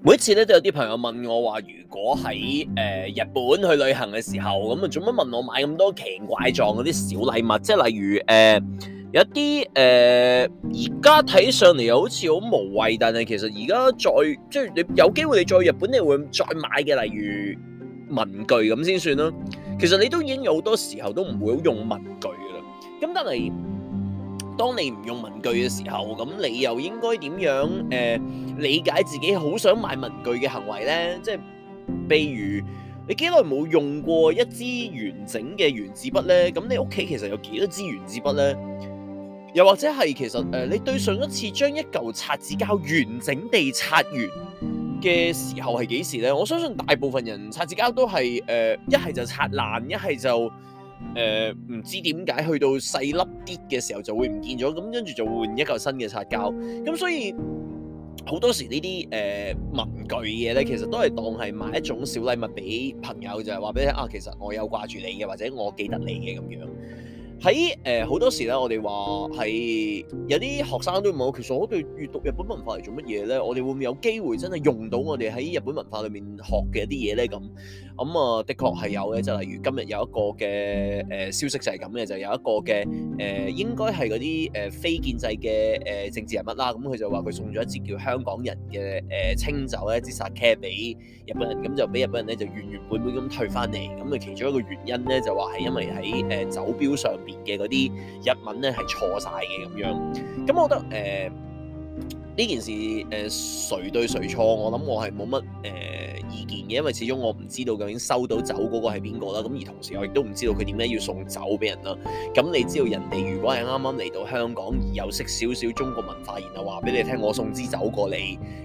每一次咧都有啲朋友問我話，如果喺誒、呃、日本去旅行嘅時候，咁啊做乜問我買咁多奇怪狀嗰啲小禮物？即係例如誒、呃、有啲誒而家睇上嚟又好似好無謂，但係其實而家再即係你有機會你再去日本，你會再買嘅，例如文具咁先算啦。其實你都已經有好多時候都唔會好用文具嘅啦。咁但係。當你唔用文具嘅時候，咁你又應該點樣誒、呃、理解自己好想買文具嘅行為呢？即係譬如你幾耐冇用過一支完整嘅原子筆呢？咁你屋企其實有幾多支原子筆呢？又或者係其實誒、呃、你對上一次將一嚿擦紙膠完整地擦完嘅時候係幾時呢？我相信大部分人擦紙膠都係誒一係就擦爛，一係就，就。誒，唔知點解去到細粒啲嘅時候就會唔見咗，咁跟住就換一個新嘅擦膠。咁所以好多時呢啲誒文具嘢咧，其實都係當係買一種小禮物俾朋友，就係話俾你聽啊，其實我有掛住你嘅，或者我記得你嘅咁樣。喺誒好多時咧，我哋話係有啲學生都問我，其實我哋閲讀日本文化嚟做乜嘢咧？我哋會唔會有機會真係用到我哋喺日本文化裏面學嘅一啲嘢咧？咁咁、嗯、啊，的確係有嘅。就例如今日有一個嘅誒、呃、消息就係咁嘅，就有一個嘅誒、呃、應該係嗰啲誒非建制嘅誒、呃、政治人物啦。咁、啊、佢就話佢送咗一支叫香港人嘅誒、呃、清酒咧，一支殺雞俾日本人，咁就俾日本人咧就原原本本咁退翻嚟。咁啊，其中一個原因咧就話係因為喺誒酒標上面嘅嗰啲日文咧係錯晒嘅咁樣，咁我覺得誒。呃呢件事誒、呃，誰對誰錯，我諗我係冇乜誒意見嘅，因為始終我唔知道究竟收到酒嗰個係邊個啦。咁而同時我亦都唔知道佢點解要送酒俾人啦。咁、嗯、你知道人哋如果係啱啱嚟到香港而有識少少中國文化，然後話俾你聽，我送支酒過嚟，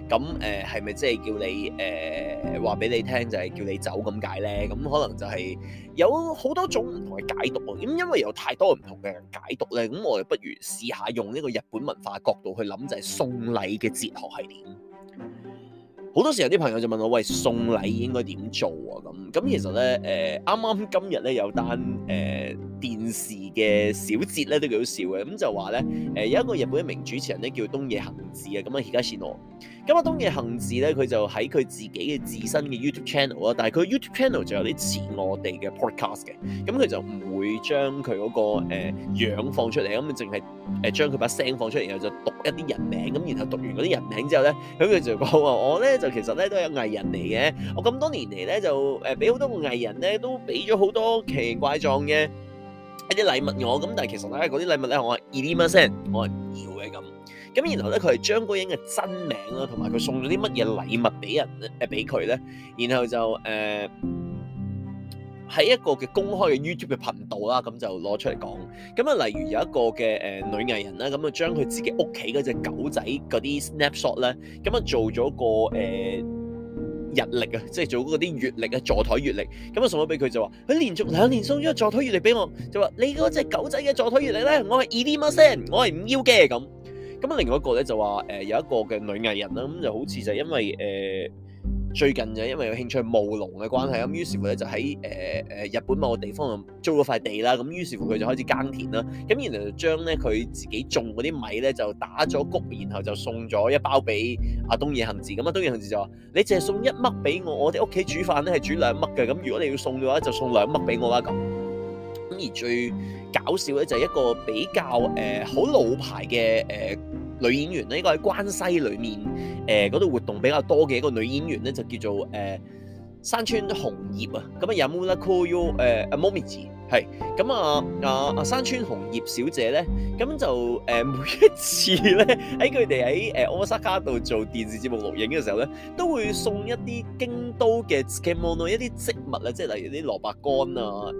咁、嗯、誒，係咪即係叫你誒話俾你聽就係叫你走咁解咧？咁、嗯、可能就係有好多種唔同嘅解讀啊，咁、嗯、因為有太多唔同嘅解讀咧，咁、嗯、我就不如試下用呢個日本文化角度去諗就係、是、送禮。禮嘅哲學係點？好多時候啲朋友就問我：喂，送禮應該點做啊？咁咁其實咧，誒，啱、呃、啱今日咧有單誒。呃電視嘅小節咧都幾好笑嘅，咁、嗯、就話咧，誒、呃、有一個日本一名主持人咧叫東野幸治啊，咁啊，而家善我咁啊，東野幸治咧佢就喺佢自己嘅自身嘅 YouTube channel 啦，但係佢 YouTube channel 就有啲似我哋嘅 podcast 嘅，咁、嗯、佢就唔會將佢嗰個誒、呃、樣放出嚟，咁淨係誒將佢把聲放出嚟，然後就讀一啲人名咁，然後讀完嗰啲人名之後咧，咁、嗯、佢就講話我咧就其實咧都有藝人嚟嘅，我咁多年嚟咧就誒俾好多個藝人咧都俾咗好多奇怪狀嘅，啲禮物我咁，但係其實咧嗰啲禮物咧，我係20%我係唔要嘅咁。咁然後咧，佢係將嗰啲嘢嘅真名啦，同埋佢送咗啲乜嘢禮物俾人誒俾佢咧，然後就誒喺一個嘅公開嘅 YouTube 嘅頻道啦，咁就攞出嚟講。咁啊，例如有一個嘅誒女藝人啦，咁啊將佢自己屋企嗰隻狗仔嗰啲 snapshot 咧，咁啊做咗個誒。日曆啊，即係做嗰啲月曆啊，坐台月曆，咁啊送咗俾佢就話，佢連續兩年送咗個坐台月曆俾我，就話你嗰隻狗仔嘅坐台月曆咧，我係二點一聲，an, 我係唔要嘅咁。咁啊另外一個咧就話，誒、呃、有一個嘅女藝人啦，咁、嗯嗯、就好似就係因為誒。嗯最近就因為有興趣務農嘅關係，咁於是乎咧就喺誒誒日本某個地方度租咗塊地啦，咁於是乎佢就開始耕田啦。咁然後就將咧佢自己種嗰啲米咧就打咗谷，然後就送咗一包俾阿東野幸治。咁啊，東野幸治就話：你淨係送一粒俾我，我哋屋企煮飯咧係煮兩粒嘅。咁如果你要送嘅話，就送兩粒俾我啦咁。咁而最搞笑咧就係一個比較誒好、呃、老牌嘅誒。呃女演員咧，應該喺關西裏面誒嗰度活動比較多嘅一個女演員咧，就叫做誒、呃、山川紅葉啊。咁啊，有冇咧？Ko Yo 誒，A Momiji 係咁啊啊啊！山川紅葉小姐咧，咁就誒每一次咧喺佢哋喺誒大阪度做電視節目錄影嘅時候咧，都會送一啲京都嘅漬物，一啲植物啊，即係例如啲蘿蔔乾啊、誒、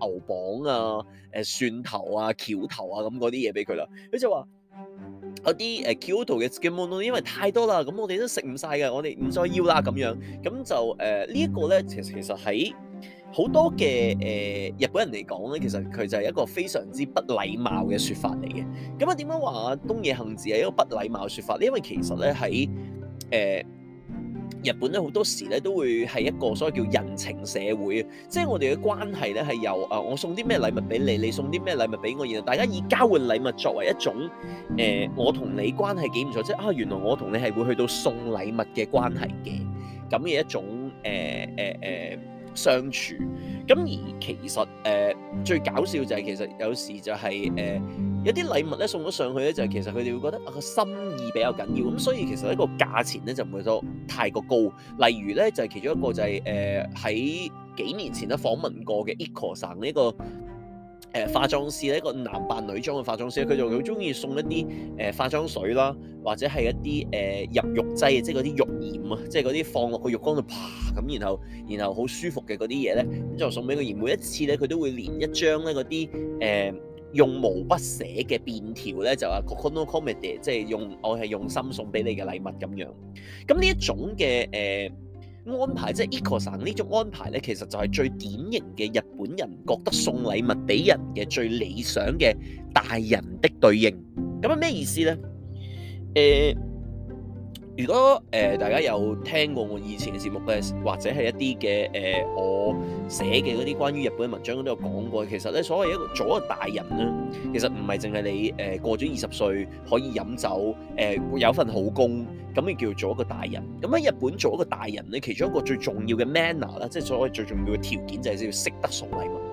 呃、牛蒡啊、誒蒜頭啊、橋頭啊咁嗰啲嘢俾佢啦。佢就話。有啲誒 q 嘅 game 因為太多啦，咁我哋都食唔晒嘅，我哋唔再要啦咁樣。咁就誒、呃這個，呢一個咧，其實其實喺好多嘅誒、呃、日本人嚟講咧，其實佢就係一個非常之不禮貌嘅説法嚟嘅。咁啊點樣話東野幸治係一個不禮貌嘅説法？因為其實咧喺誒。日本呢好多時呢都會係一個所謂叫人情社會啊，即係我哋嘅關係呢係由啊我送啲咩禮物俾你，你送啲咩禮物俾我，然後大家以交換禮物作為一種誒、呃、我同你關係幾唔錯，即係啊原來我同你係會去到送禮物嘅關係嘅咁嘅一種誒誒誒相處。咁而其實誒、呃、最搞笑就係其實有時就係、是、誒。呃有啲禮物咧送咗上去咧，就係、係、其實佢哋會覺得啊個心意比較緊要，咁所以其實呢個價錢咧就唔會多太過高。例如咧，就係其中一個就係誒喺幾年前咧訪問過嘅 Eko San 呢、呢個誒、呃、化妝師，呢個男扮女裝嘅化妝師，佢就好中意送一啲誒、呃、化妝水啦，或者係一啲誒、呃、入浴劑即係嗰啲浴鹽啊，即係嗰啲放落去浴缸度啪咁，然後然後好舒服嘅嗰啲嘢咧，咁就送俾佢。而每一次咧，佢都會連一張咧嗰啲誒。呃用毛筆寫嘅便條咧，就話 kokoro komete，即係用我係用心送俾你嘅禮物咁樣。咁呢一種嘅誒、呃、安排，即係 ekasan 呢種安排咧，其實就係最典型嘅日本人覺得送禮物俾人嘅最理想嘅大人的對應。咁啊咩意思咧？誒、呃。如果誒、呃、大家有聽過我以前嘅節目咧，或者係一啲嘅誒、我寫嘅嗰啲關於日本嘅文章都有講過，其實咧，所謂一個做一個大人咧，其實唔係淨係你誒、呃、過咗二十歲可以飲酒誒、呃、有份好工，咁你叫做做一個大人。咁喺日本做一個大人咧，其中一個最重要嘅 manner 啦，即係所謂最重要嘅條件就係要識得送禮物。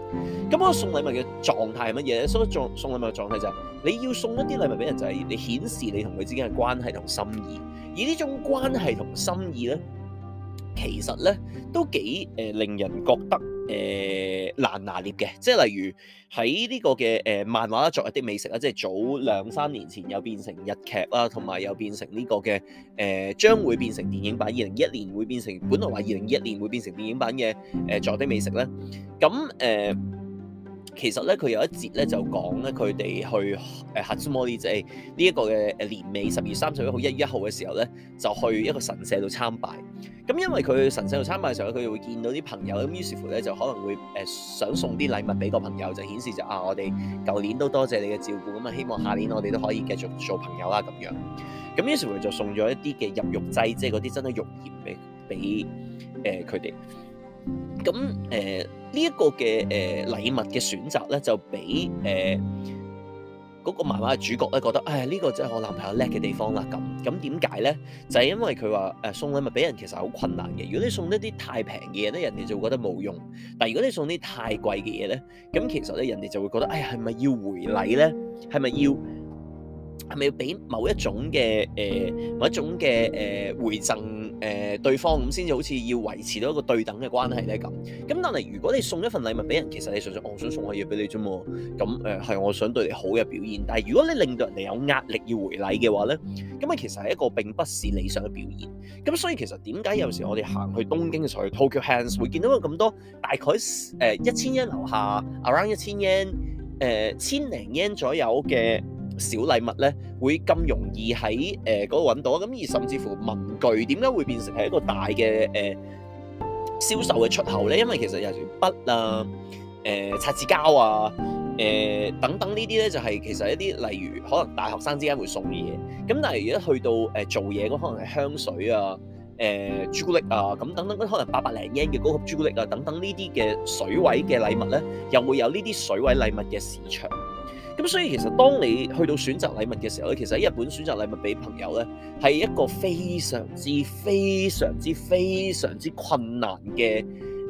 咁我送禮物嘅狀態係乜嘢咧？所以送送禮物嘅狀態就係、是、你要送一啲禮物俾人就係，你顯示你同佢之間嘅關係同心意。而呢種關係同心意咧，其實咧都幾誒、呃、令人覺得。誒、呃、難拿捏嘅，即係例如喺呢個嘅誒、呃、漫畫作為啲美食啦，即係早兩三年前又變成日劇啦，同埋又變成呢個嘅誒、呃、將會變成電影版，二零一年會變成本來話二零二一年會變成電影版嘅誒作為啲美食咧，咁誒。呃其實咧，佢有一節咧就講咧，佢哋去誒初詣呢一個嘅誒年尾十二月三十一號、一月一號嘅時候咧，就去一個神社度參拜。咁因為佢去神社度參拜嘅時候，佢哋會見到啲朋友，咁於是乎咧就可能會誒想送啲禮物俾個朋友，就顯示就啊，我哋舊年都多謝你嘅照顧，咁啊希望下年我哋都可以繼續做朋友啦咁樣。咁於是乎就送咗一啲嘅入浴劑，即係嗰啲真係浴鹽俾誒佢哋。咁誒，呢一、嗯呃這個嘅誒禮物嘅選擇咧，就俾誒嗰個漫畫嘅主角咧覺得，哎呀呢、這個就係我男朋友叻嘅地方啦。咁咁點解咧？就係、是、因為佢話誒送禮物俾人其實係好困難嘅。如果你送一啲太平嘅嘢咧，人哋就會覺得冇用。但係如果你送啲太貴嘅嘢咧，咁其實咧人哋就會覺得，哎呀係咪要回禮咧？係咪要？係咪要俾某一種嘅誒、呃、某一種嘅誒、呃、回贈誒、呃、對方咁先至好似要維持到一個對等嘅關係咧咁？咁但係如果你送一份禮物俾人，其實你想想、哦，我想送下嘢俾你啫嘛。咁誒係我想對你好嘅表現。但係如果你令到人哋有壓力要回禮嘅話咧，咁啊其實係一個並不是理想嘅表現。咁所以其實點解有時我哋行去東京嘅時候去 Tokyo Hands 會見到咁多大概誒一千円樓下 around 一千円誒千零円左右嘅小禮物咧會咁容易喺誒嗰個揾到，咁而甚至乎文具點解會變成係一個大嘅誒、呃、銷售嘅出口咧？因為其實有時筆啊、誒擦紙膠啊、誒、呃、等等呢啲咧，就係、是、其實一啲例如可能大學生之間會送嘅嘢。咁但係如果去到誒、呃、做嘢，咁可能係香水啊、誒、呃、朱古力啊，咁等等，可能八百零 yen 嘅高級朱古力啊，等等呢啲嘅水位嘅禮物咧，又會有呢啲水位禮物嘅市場。咁、嗯、所以其實當你去到選擇禮物嘅時候咧，其實喺日本選擇禮物俾朋友咧，係一個非常之、非常之、非常之困難嘅誒、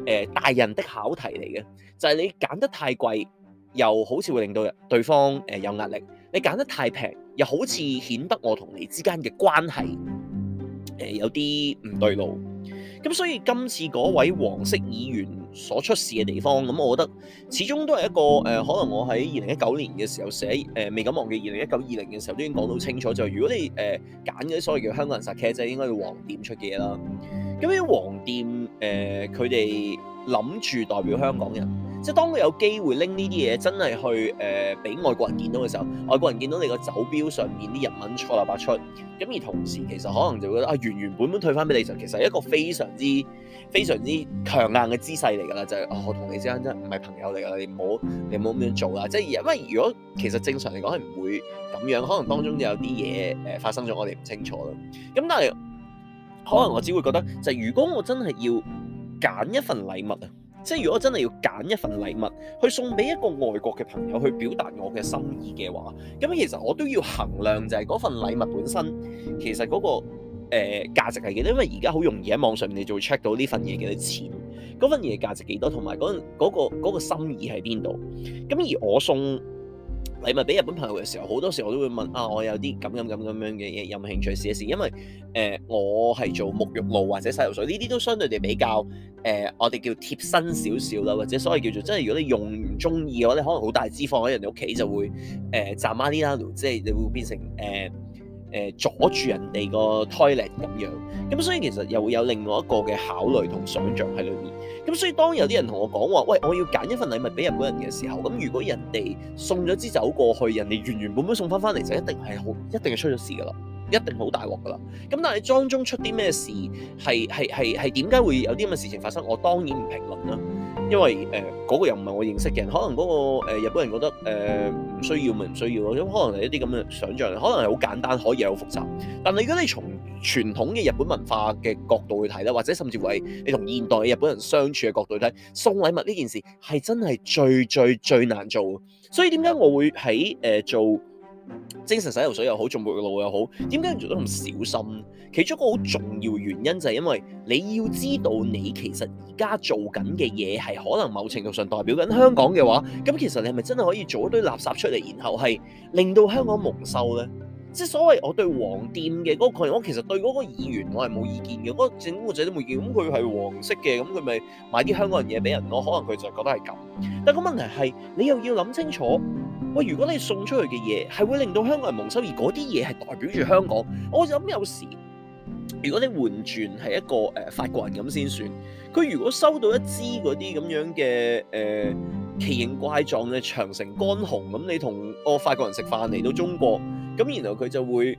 呃、大人的考題嚟嘅。就係、是、你揀得太貴，又好似會令到對方誒、呃、有壓力；你揀得太平，又好似顯得我同你之間嘅關係誒、呃、有啲唔對路。咁所以今次嗰位黃色議員所出事嘅地方，咁我覺得始終都係一個誒、呃、可能我喺二零一九年嘅時候寫誒未敢忘記二零一九二零嘅時候，都已經講到清楚就係、如果你誒揀咗所謂叫香港人殺茄仔應該要黃店出嘅嘢啦。咁啲黃店誒佢哋諗住代表香港人。即係當佢有機會拎呢啲嘢，真係去誒俾，呃、外國人見到嘅時候，外國人見到你個酒標上面啲日文錯漏百出，咁、嗯、而同時其實可能就會覺得啊，原原本本，本退翻俾你其實係一個非常之非常之強硬嘅姿勢嚟噶啦，就係我同你之間真係唔係朋友嚟噶啦，你唔好你唔好咁樣做啦。即係因為如果其實正常嚟講係唔會咁樣，可能當中有啲嘢誒發生咗，我哋唔清楚啦。咁、嗯、但係可能我只會覺得，就係、如果我真係要揀一份禮物啊。即係如果真係要揀一份禮物去送俾一個外國嘅朋友去表達我嘅心意嘅話，咁其實我都要衡量就係嗰份禮物本身其實嗰、嗰個誒、呃、價值係幾多，因為而家好容易喺網上面你就會 check 到呢份嘢幾多錢，嗰份嘢價值幾多，同埋嗰嗰個心意喺邊度。咁而我送禮物俾日本朋友嘅時候，好多時我都會問啊，我有啲咁咁咁咁樣嘅嘢，有冇興趣試一試？因為誒、呃，我係做沐浴露或者洗頭水，呢啲都相對地比較誒、呃，我哋叫貼身少少啦，或者所謂叫做，即係如果你用唔中意嘅話，我咧可能好大支放喺人哋屋企就會誒攢啲啦，即係你會變成誒。呃誒阻住人哋個 toilet 咁樣，咁所以其實又會有另外一個嘅考慮同想像喺裏面。咁所以當有啲人同我講話，喂，我要揀一份禮物俾日本人嘅時候，咁如果人哋送咗支酒過去，人哋原原本本送翻翻嚟，就一定係好，一定係出咗事噶啦，一定好大鑊噶啦。咁但係你當中出啲咩事，係係係係點解會有啲咁嘅事情發生？我當然唔評論啦。因為誒嗰、呃嗰個又唔係我認識嘅，可能嗰、嗰個、呃、日本人覺得誒唔、呃、需要咪唔需要咯，咁可能係一啲咁嘅想像，可能係好簡單，可以好複雜。但係如果你從傳統嘅日本文化嘅角度去睇咧，或者甚至係你同現代日本人相處嘅角度去睇，送禮物呢件事係真係最最最最難做。所以點解我會喺誒、呃、做？精神洗頭水又好，做沐浴露又好，點解做得咁小心？其中一個好重要原因就係因為你要知道，你其實而家做緊嘅嘢係可能某程度上代表緊香港嘅話，咁其實你係咪真係可以做一堆垃圾出嚟，然後係令到香港蒙羞呢？即係所謂我對黃店嘅嗰、嗰個概念，我其實對嗰個議員我係冇意見嘅，嗰個政務者都冇意見，咁佢係黃色嘅，咁佢咪買啲香港人嘢俾人咯？可能佢就覺得係咁，但係個問題係你又要諗清楚。喂，如果你送出去嘅嘢係會令到香港人蒙羞，而嗰啲嘢係代表住香港，我就諗有時如果你換轉係一個誒、呃、法國人咁先算，佢如果收到一支嗰啲咁樣嘅誒、呃、奇形怪狀嘅長城乾紅，咁你同個法國人食飯嚟到中國，咁然後佢就會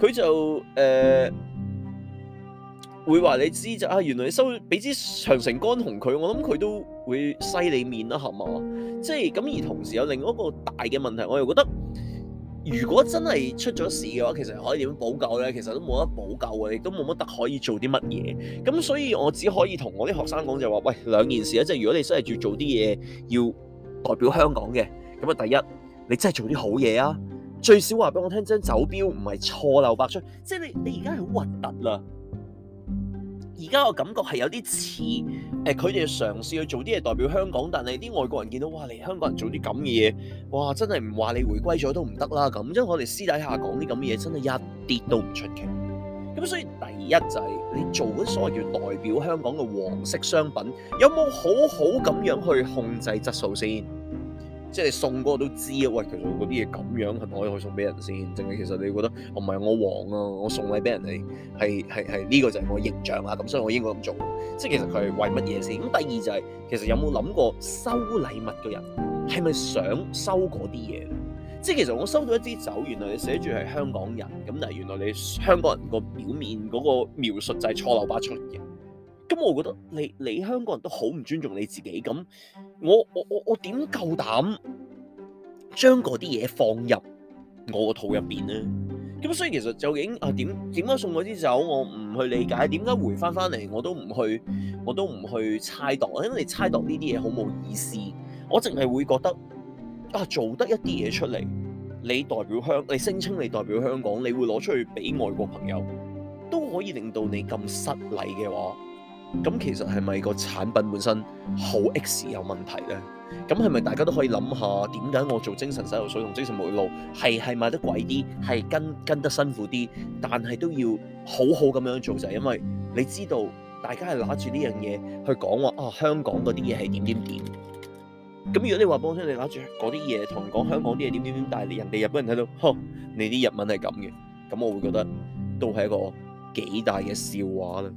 佢就誒。呃會話你知就啊，原來你收俾支長城乾紅佢，我諗佢都會犀利面啦，係嘛？即係咁，而同時有另外一個大嘅問題，我又覺得如果真係出咗事嘅話，其實可以點樣補救咧？其實都冇得補救嘅，亦都冇乜得可以做啲乜嘢。咁，嗯，所以我只可以同我啲學生講就話，是：喂，兩件事啦，即係如果你真係要做啲嘢，要代表香港嘅，咁啊，第一，你真係做啲好嘢啊，最少話俾我聽，張酒標唔係錯漏百出，即係你你而家係好核突啦。而家我感覺係有啲似誒，佢哋嘗試去做啲嘢代表香港，但係啲外國人見到哇，你香港人做啲咁嘅嘢，哇，真係唔話你回歸咗都唔得啦！咁，因為我哋私底下講啲咁嘅嘢，真係一啲都唔出奇。咁所以第一就係你做緊所謂叫代表香港嘅黃色商品，有冇好好咁樣去控制質素先？即係你送嗰個都知啊！喂，其實嗰啲嘢咁樣係咪可以去送俾人先？定係其實你覺得唔係、哦、我黃啊？我送禮俾人哋係係係呢個就係我形象啊！咁所以我應該咁做。即係其實佢係為乜嘢先？咁第二就係、是、其實有冇諗過收禮物嘅人係咪想收嗰啲嘢？即係其實我收到一支酒，原來你寫住係香港人，咁但係原來你香港人個表面嗰個描述就係錯漏百出嘅。咁、嗯、我覺得你你香港人都好唔尊重你自己，咁我我我我點夠膽將嗰啲嘢放入我個肚入邊呢？咁所以其實究竟啊點點解送嗰支酒，我唔去理解；點解回翻翻嚟，我都唔去，我都唔去猜度，因為你猜度呢啲嘢好冇意思。我淨係會覺得啊，做得一啲嘢出嚟，你代表香，你聲稱你代表香港，你會攞出去俾外國朋友，都可以令到你咁失禮嘅話。咁其實係咪個產品本身好 X 有問題咧？咁係咪大家都可以諗下點解我做精神洗頭水同精神沐浴露係係賣得貴啲，係跟跟得辛苦啲，但係都要好好咁樣做就係、是、因為你知道大家係攞住呢樣嘢去講話啊，香港嗰啲嘢係點點點。咁如果你話幫我你嚟攞住嗰啲嘢同人講香港啲嘢點點點，但係你人哋日本人睇到呵，你啲日文係咁嘅，咁我會覺得都係一個幾大嘅笑話啦。